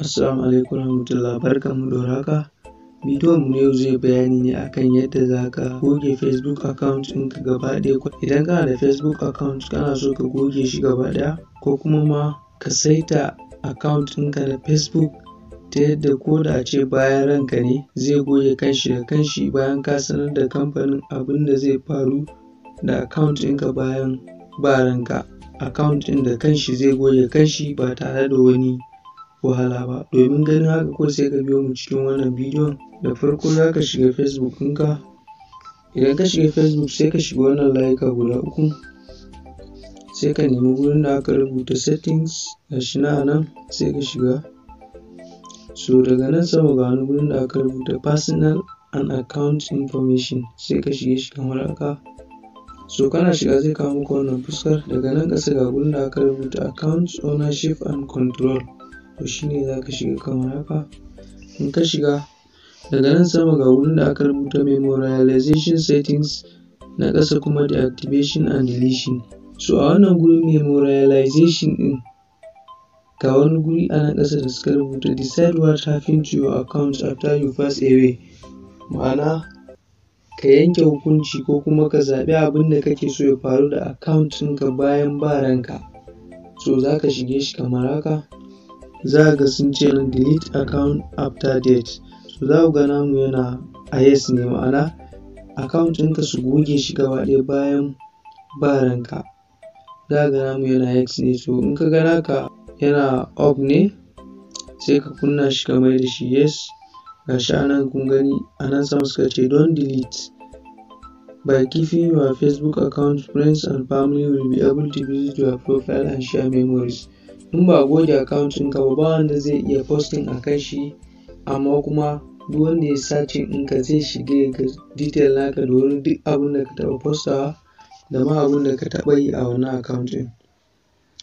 Assalamu alaikum warahmatullah barkanmu da haka bidiyon mu yau zai bayani ne akan yadda zaka goge facebook account ɗinka gaba ɗaya idan kana da facebook account kana so ka goge shi gaba ɗaya ko kuma ma ka saita account ɗinka na facebook ta yadda ko da a ce bayan ranka ne zai goge kanshi da kanshi bayan ka sanar da kamfanin abin da zai faru da account ɗinka bayan ba ranka account ɗin da kanshi zai goge kanshi ba tare da wani wahala ba domin ganin haka ko sai ka biyo mu cikin wannan bidiyon da farko za ka shiga facebook ɗinka idan ka shiga facebook sai ka shiga wannan layuka guda uku sai ka nemi wurin da aka rubuta settings ga shi na nan sai ka shiga so daga nan sama ga wani wurin da aka rubuta personal and account information sai ka shige shi kamar haka so kana shiga zai kawo maka wannan fuskar daga nan ƙasa ga wurin da aka rubuta account ownership and control to shine za ka shiga kamar haka in ka shiga daga nan sama ga wurin da aka rubuta memorialization settings na ƙasa kuma deactivation and deletion so a wannan gurin memorialization din ga wani guri a ƙasa da suka rubuta decide what happened to your account after you pass away ma'ana ka yanke hukunci ko kuma ka zaɓi abin da kake so ya faru da account ɗinka bayan ba ranka so za ka shige shi kamar haka za ga sun ce nan delete account after date so za ku ga namu yana a yes ne ma'ana account ɗinka su goge shi gaba ɗaya bayan ba ranka za ga namu yana yes ne so in ka ga naka yana off ne sai ka kunna shi ka mai da shi yes gashi anan kun gani anan sama suka ce don delete By keeping your Facebook account, friends and family will be able to visit your profile and share memories. in ba goge account ka ba ba wanda zai iya posting a kan shi amma kuma duk wanda ya sace ɗinka zai shiga ga detail naka domin duk abin da ka taɓa postawa da ma abin da ka taɓa yi a wannan account ɗin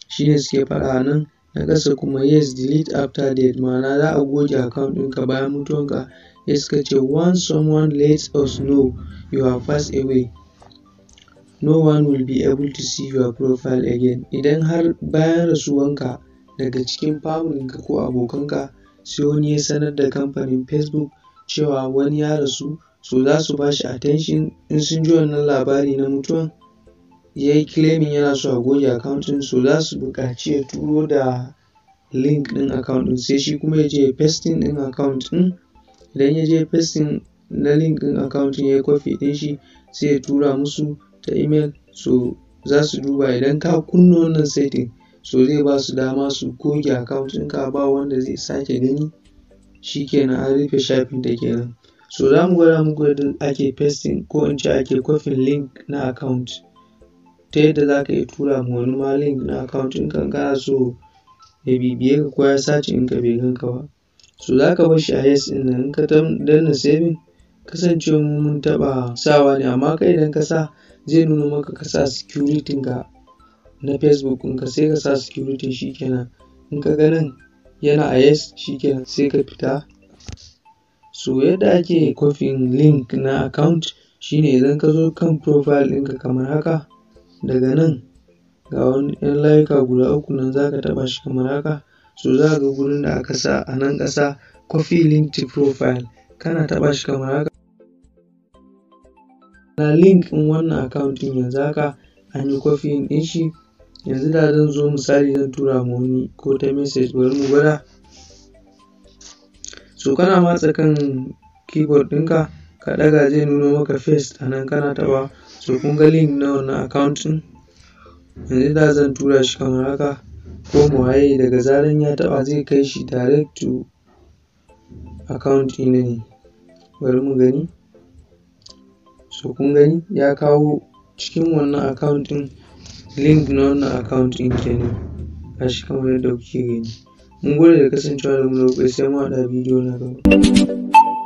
shi ne suke faɗa nan na ƙasa kuma yes delete after date ma'ana za a goge account ka bayan mutuwanka ya suka ce once someone lets us know you are fast away no one will be able to see your profile again idan har bayan rasuwanka daga cikin familinka ko abokanka sai wani ya sanar da kamfanin facebook cewa wani ya rasu so za su ba shi attention in sun ji wannan labari na mutuwan ya yi claiming yana so a goge accountin so za su buƙaci ya turo da link ɗin account ɗin sai shi kuma ya je pasting ɗin account ɗin idan ya je pasting na link ɗin account ya yi copy ɗin shi sai ya tura musu ta email so za su duba idan ka kunna wannan setting so zai ba su dama su goge account ɗinka ba wanda zai sake gani shi shikenan an rufe shafin da kenan so za mu gwada muku gwada ake pasting ko in ce ake kwafin link na account ta yadda za ka iya tura ma wani ma link na account kan kana so ya bibiye ka ko ya sace in ka bai ganka ba so za ka bar shi a yes ɗin nan in ka danna saving kasancewa mun taba sawa ne amma kai idan ka sa zai nuna maka ka sa security ka na facebook ka sai ka sa security shikenan in ka ga nan yana a yes shikenan sai ka fita so yadda ake kofin link na account shine idan ka zo kan profile ɗinka kamar haka daga nan ga wani yan layuka guda uku nan za ka taɓa shi kamar haka so za ka ga gurin da aka sa a nan ƙasa coffee link to profile kana taɓa shi kamar haka ga link ɗin wannan account ɗin yanzu haka an yi in ɗin shi yanzu da zan zo misali zan tura ma wani ko ta message bari mu gwada so kana matsa kan keyboard ɗinka ka ɗaga zai nuna maka face a nan kana taɓa so kun ga link na wannan account ɗin yanzu da zan tura shi kamar haka ko mu waye daga zaran ya taɓa zai kai shi direct to account ɗina ne bari mu gani so kun gani ya kawo cikin wannan account din link na wannan account din kenan shi kamar yadda kuke gani mun gode da kasancewa da mu sai mu haɗa bidiyo na gaba